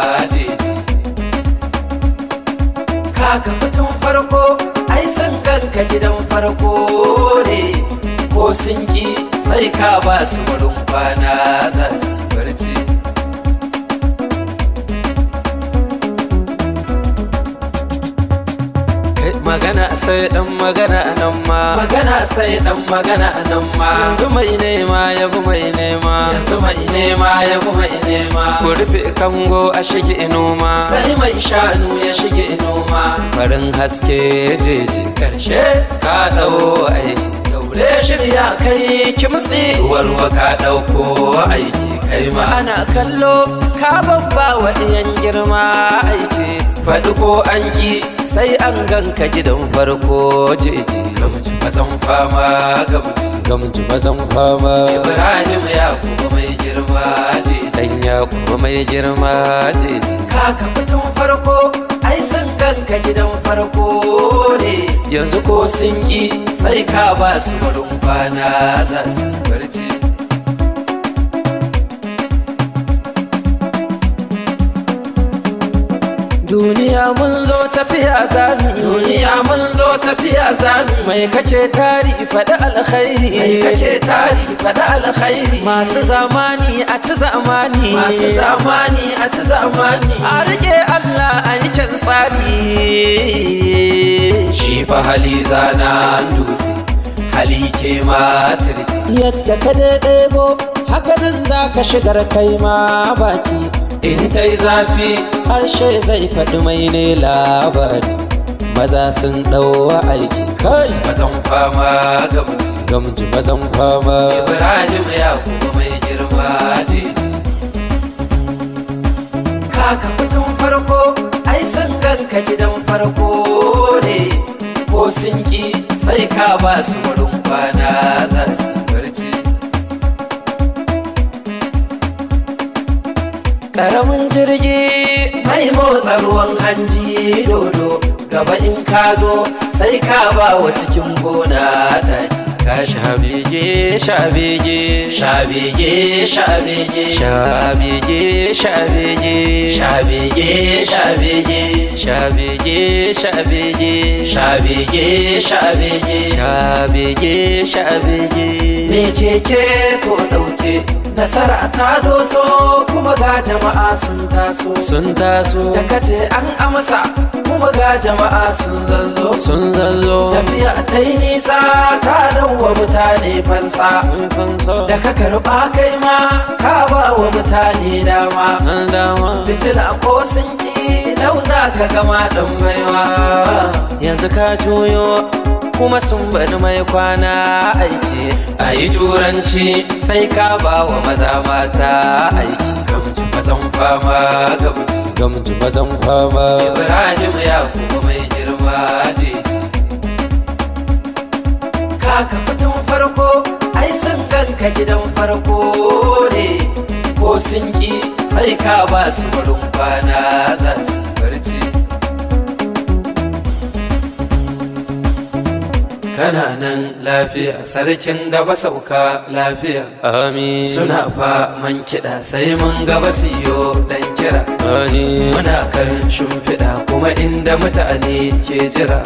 ka kaka mutum farko ai san kanka gidan farko ne ko sun ki sai ka ba su murin kwana zan su barci magana sai dan magana a nan ma magana sai dan magana a nan ma yanzu mai nema ya bu mai nema yanzu mai nema ya bu mai nema ku rufe kango a shige noma sai mai shanu ya shige noma farin haske jeji karshe ka dawo aiki daure shirya kai kimtsi warwa ka dauko aiki kai ma ana kallo ka babba wa girma aiki faɗi ko an ƙi sai an ganka gidan farko jeji gamji mazan fama gamji gamji mazan fama ibrahim ya kuma mai girma jeji dan ya kuma mai girma jeji kaka fitin farko ai sun ganka gidan farko ne yanzu ko sun ƙi sai ka ba su farin kwana za su barci duniya mun zo tafiya zami duniya mun zo tafiya zami mai kace tari faɗi alkhairi mai kace tari faɗi alkhairi masu zamani a ci zamani masu zamani a ci zamani a rike Allah a yi tsari shi fa hali zana dutse hali ke matirki yadda ka dai-dai bo haka din za ka shigar kai ma baki in ta yi zafi harshe zai faɗi mai ne labari maza sun ɗauwa aiki kai mazan fama gamji gamji mazan fama ibrahim ya kuma mai girma jiji kaka fitin farko ai san ganka gidan farko ne ko sun ki sai ka ba su wurin kwana za su barci Ƙaramin jirgi mai motsa ruwan hanji dodo gaba in ka zo sai ka ba wa cikin gona ta Ka shabege shabege shabege shabege shabege shabege shabege shabege shabege shabege shabege shabege shabege shabege me keke to ɗauke. nasara ta doso kuma ga jama'a sun taso sun taso da kace an amsa kuma ga jama'a sun zallo sun zallo tafiya ta yi nisa ta dawo mutane fansa da ka karba kai ma ka ba wa mutane dama fitila ko sun ki lau za ka gama dan baiwa yanzu ka juyo kuma sun bani mai kwana aiki a yi turanci sai ka ba wa maza mata aiki gamji mazan fama gamji mazan fama ibrahim ya kuma mai girma jeji kaka mutum farko ai sun ganka gidan farko ne ko sun ki sai ka ba su wurin kwana za su barci kana nan lafiya sarkin da ba sauka lafiya amin suna fa man kiɗa sai mun gaba siyo dan kira muna kan shimfiɗa kuma inda mutane ke jira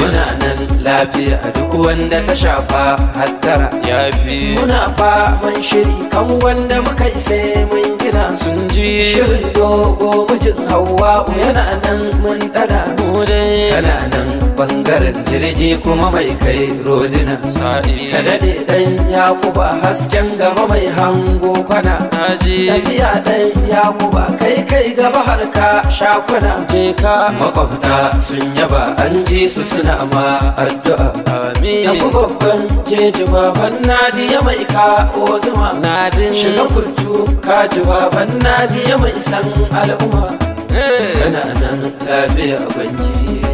muna nan lafiya duk wanda ta shafa hattara ya fi muna fa faman shiri kan wanda muka sai mun gina sun ji shirin dogo mijin hawa yana nan mun dana mu dai bangaren jirgi kuma mai kai rodina ka daɗe ɗan yakuba hasken gaba mai hango kwana tafiya ɗan yakuba kai kai gaba har ka shakuna je ka makwabta sun yaba an ji su suna ma addu'a ku babban jeji baban nadiya mai kawo zuma shiga kuttu ka baban nadiya mai san al'umma eh. kana nan lafiya banki